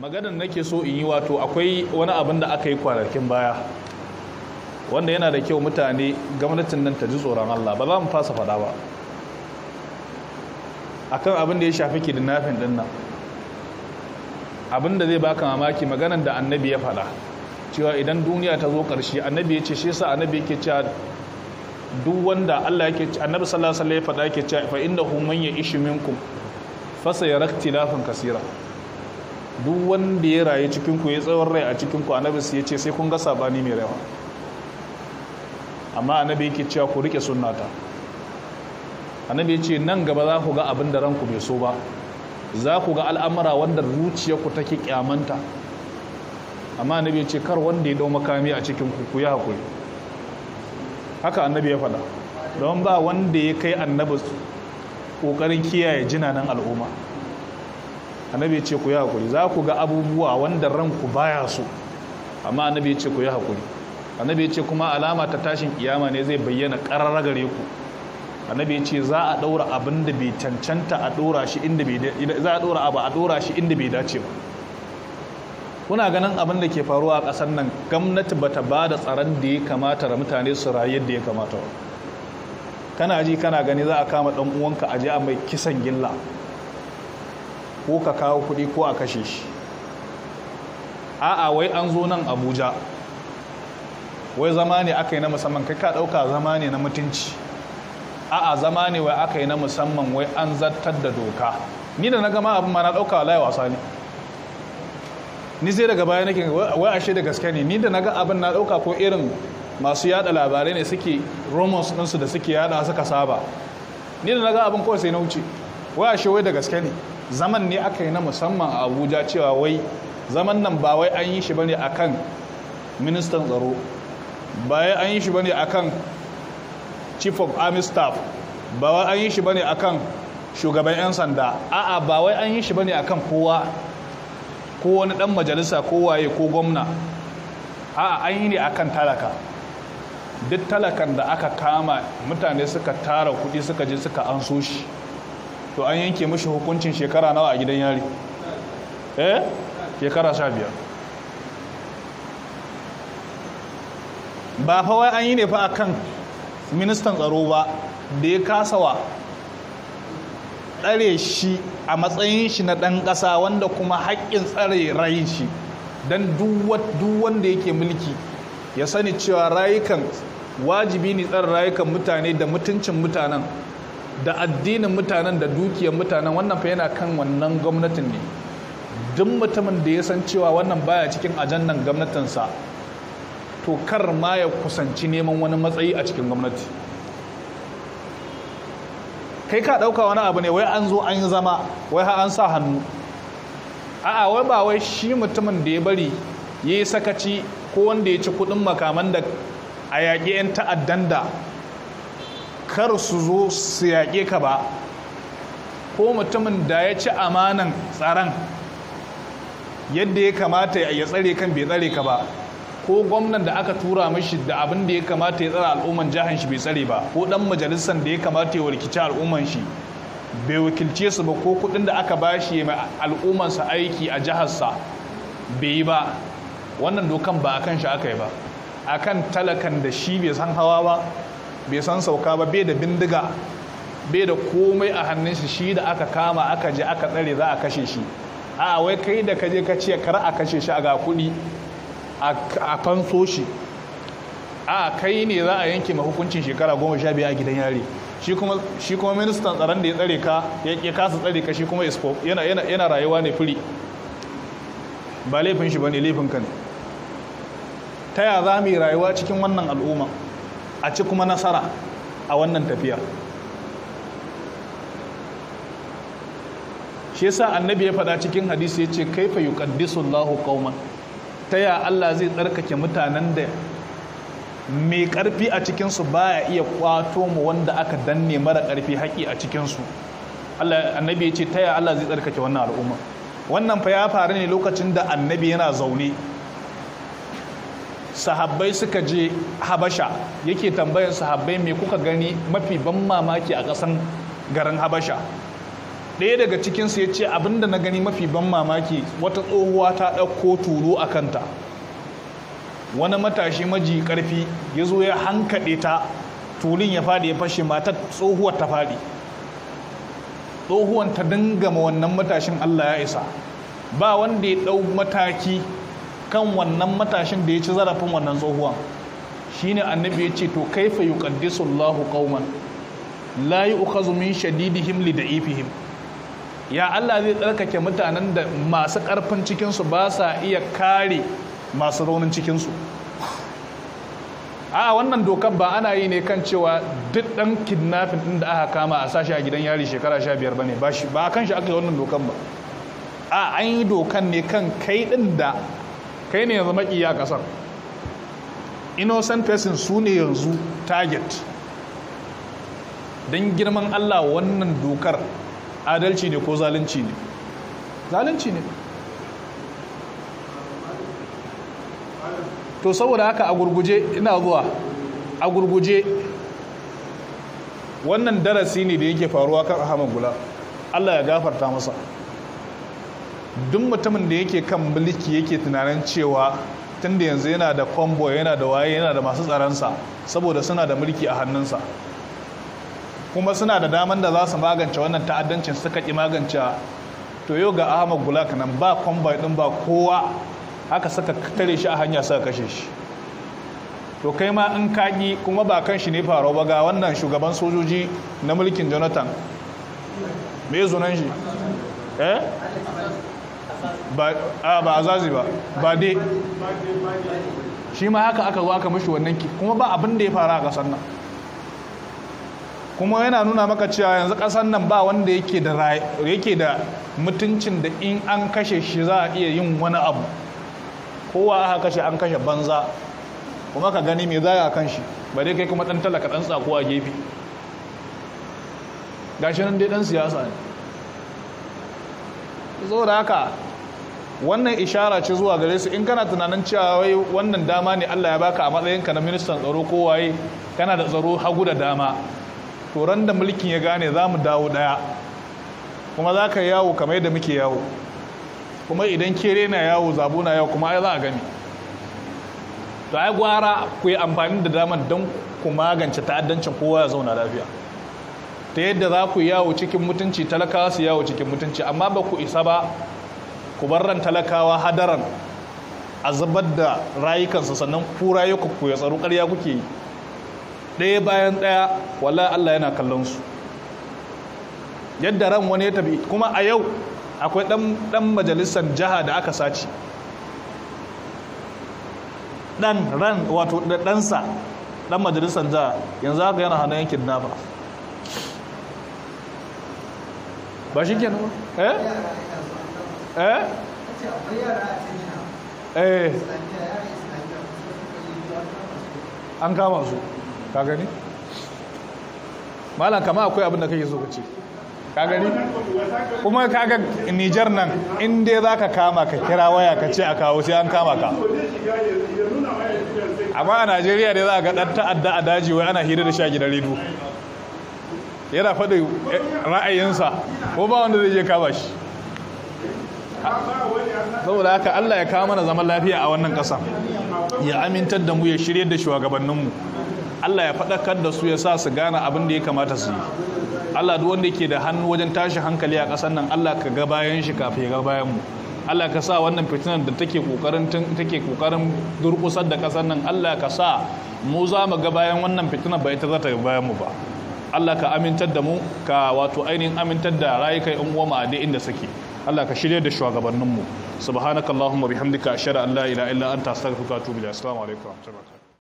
maganan nake so in yi wato akwai wani abin da aka yi kwanakin baya wanda yana da kyau mutane gwamnatin nan ta ji tsoron Allah ba za mu fasa fada ba akan abin da ya shafi kidnapping din nan abin da zai baka mamaki maganar da annabi ya fada cewa idan duniya ta zo karshe annabi ya ce shi yasa annabi yake cewa duk wanda Allah yake annabi sallallahu alaihi wasallam ya fada yake cewa fa innahu man ishi minkum fa kaseera duk wanda ya rayu cikin ku ya tsawon rai a cikinku ku annabi sai ce sai kun ga sabani mai rawa amma annabi yake cewa ku rike sunnata annabi yace nan gaba za ku ga abin da ranku bai so ba za ku ga al'amura wanda ku take kyamanta amma annabi yace kar wanda ya dau makami a cikin ku ku yi hakuri haka annabi ya faɗa don ba wanda ya kai annabi kokarin kiyaye jinanan al'umma annabi ce ku yi hakuri za ku ga abubuwa wanda ranku baya so amma annabi ce ku yi hakuri annabi ce kuma alama ta tashin kiyama ne zai bayyana ƙarar gare ku annabi ce za a ɗaura abin da bai cancanta a ɗora shi inda bai za a ɗora abu a ɗora shi inda bai dace ba kuna ganin abin da ke faruwa a ƙasar nan gwamnati bata ba da tsaron da ya kamata da mutane su rayu yadda ya kamata kana ji kana gani za a kama ɗan uwanka a je a mai kisan gilla ko ka kawo kuɗi ko a kashe shi a'a wai an zo nan abuja wai zama ne aka yi na musamman kai ka ɗauka zama ne na mutunci a'a zama ne wai aka yi na musamman wai an zartar da doka ni da na gama abin ma na ɗauka wa wasa ne ni sai daga baya nake wai ashe da gaske ne ni da naga abin na dauka ko irin masu yada labarai ne suke romans ɗinsu da suke yada suka saba ni da naga abin kawai sai na wuce wai ashe wai da gaske ne zaman ne aka yi na musamman a abuja cewa wai zaman nan ba wai an yi shi bane akan ministan tsaro ba wai an yi shi bane akan chief of army staff ba wai an yi shi bane akan shugaban 'yan sanda a'a ba wai an yi shi bane akan kowa ko wani dan majalisa ko waye ko gwamna a'a an yi ne akan talaka duk talakan da aka kama mutane suka tara kudi suka je suka an so shi to an yanke mashi hukuncin shekara nawa a gidan yari eh shekara sha biyar ba fawai an yi ne fa kan ministan tsaro ba da ya kasa wa tsare shi a matsayin shi na ɗan ƙasa wanda kuma haƙƙin tsare rayin shi don wanda yake mulki ya sani cewa rayukan wajibi ne tsare rayukan mutane da mutuncin mutanen da addinin mutanen da dukiyar mutanen wannan fa yana kan wannan gwamnatin ne duk mutumin da ya san cewa wannan baya cikin ajandan gwamnatinsa to kar ma ya kusanci neman wani matsayi a cikin gwamnati kai ka ɗauka wani abu ne wai an zo an yi zama wai an sa hannu a'a wai ba wai shi mutumin da ya bari ya yi sakaci ko wanda ya ci kuɗin makaman da a yaƙi 'yan ta'addan da kar su zo su yaƙe ka ba ko mutumin da ya ci amanan tsaron yadda ya kamata ya tsare kan bai tsare ka ba ko gwamnan da aka tura mashi da abin da ya kamata ya tsara al'umman jihar shi bai tsare ba ko dan majalisar da ya kamata ya warkice al'umman shi bai wakilce su ba ko kudin da aka bashi mai al'ummansa aiki a jiharsa bai yi ba wannan dokan ba akan shi aka yi ba akan talakan da shi bai san hawa ba bai san sauka ba bai da bindiga bai da komai a hannun shi shi da aka kama aka je aka tsare za a kashe shi a wai kai da kaje ka ce kar a kashe shi a ga kuɗi a fanso shi a kai ne za a yanke ma hukuncin shekara goma sha biyu a gidan yari shi kuma ministan tsaron da ya tsare ka ya kasa tsare ka shi kuma isko yana rayuwa ne firi ba laifin shi ba ne laifin ka ne ta ya za mu yi rayuwa cikin wannan al'umma a ci kuma nasara a wannan tafiyar shi yasa annabi ya faɗa cikin hadisi ya ce kaifa yuqaddisullahu kauma ta ya Allah zai tsarkake mutanen da mai ƙarfi a cikinsu ya iya kwato mu wanda aka danne mara ƙarfi haƙi a cikinsu annabi ya ce ta ya Allah zai tsarkake wannan al'umma wannan fa ya faru ne lokacin da annabi yana zaune sahabbai suka je habasha yake tambayar sahabbai mai kuka gani mafi ban mamaki a ƙasan garin habasha ɗaya daga cikinsu ya ce abinda na gani mafi ban mamaki wata tsohuwa ta ɗauko turu a kanta wani matashi maji ƙarfi ya zo ya hankaɗe ta tulin ya faɗi ya fashe matar tsohuwar ta faɗi tsohuwan ta dinga ma wannan matashin allah ya isa ba wanda ya ɗau mataki kan wannan matashin da ya ci zarafin wannan tsohuwan ne annabi ya ce to kaifa yuqaddisu ƙauman. Layi uka yu'khazu min shadidihim li ifihim. ya Allah zai tsarkake mutanen da masu ƙarfin cikinsu ba sa iya kare masu raunin cikinsu a wannan dokar ba ana yi ne kan cewa duk ɗan kidnafin ɗin da aka kama a sashi a gidan yari shekara sha biyar ba ne ba kan shi aka yi wannan dokan ba a an yi dokan ne kan kai ɗin da kai ne yanzu makiya kasar innocent person su ne yanzu target don girman allah wannan dokar adalci ne ko zalunci ne zalunci ne to saboda haka a gurguje ina zuwa a gurguje wannan darasi ne da yake faruwa kan ahmad gula allah ya gafarta masa duk mutumin da yake kan mulki yake tunanin cewa tun da yanzu yana da kwambo yana da waye yana da masu tsaronsa saboda suna da mulki a hannunsa kuma suna da daman da za su magance wannan ta'addancin suka ƙi magance to yau ga ahmad gulak nan ba kwambo din ba kowa aka saka tare shi a hanya suka kashe shi to kai ma in kaƙi kuma ba kan shi ne faro ba ga wannan shugaban sojoji na mulkin jonathan me zunan shi eh ba a zazi ba ba dai shi ma haka aka zo aka mashi wannan ki kuma ba abin da ya fara a ƙasar nan kuma yana nuna maka cewa yanzu ƙasar nan ba wanda yake da mutuncin da in an kashe shi za a iya yin wani abu kowa aka kashe an kashe banza kuma ka gani mai za a kan shi ba dai kai kuma ɗan talaka ɗan tsako a gefe gashi nan dai ɗan siyasa ne zo da haka wannan ishara ce zuwa gare su in kana tunanin cewa wai wannan dama ne Allah ya baka a matsayinka na ministan tsaro ko waye kana da tsaro hagu da dama to da mulkin ya gane za mu dawo daya kuma za ka yawo kamar yadda muke yawo kuma idan ke na yawo zabo na yawo kuma ai za a gani to ai gwara ku yi amfani da dama don ku magance ta'addancin kowa ya zauna lafiya ta yadda za ku yawo cikin mutunci talakawa su yawo cikin mutunci amma ba ku isa ba ku barran talakawa hadaran a zubar da rayukansu sannan ku rayukanku ya tsaro ƙarya kuke yi ɗaya bayan ɗaya wala Allah yana kallon su yadda ran wani ya tafi kuma a yau akwai ɗan majalisar jiha da aka sace ɗan ran wato ɗansa ɗan majalisar jiha yanzu haka yana hannun yankin nafa ba shi kenan ba eh Eh? Eh. an kama su ka gani kama akwai abin da kake so ka ce ka gani kuma kaga Nijar nan in dai zaka kama ka kira waya ka ce a kawo sai an kama ka amma a Najeriya dai za ka ga dan ta'adda a daji wai ana hira da shi a gidan redu yana faɗi eh, ra'ayinsa ko ba wanda zai je kama shi saboda haka Allah ya kawo mana zaman lafiya a wannan ƙasa ya amintar da mu ya shirye da shugabanninmu Allah ya faɗakar da su ya sa su gane abin da ya kamata su yi Allah duk wanda ke da hannu wajen tashi hankali a ƙasar nan Allah ka ga bayan shi kafin ya ga bayan mu Allah ka sa wannan fitinar da take kokarin take kokarin durƙusar da ƙasar nan Allah ka sa mu za mu ga bayan wannan fitinar ba ita ta ga bayan mu ba Allah ka amintar da mu ka wato ainihin amintar da rayukan ƴan uwa mu a inda suke Allah ka shirya da shugabanninmu subhanakallahumma bihamdika ashhadu an la ilaha illa anta astaghfiruka wa atubu ilaik assalamu alaikum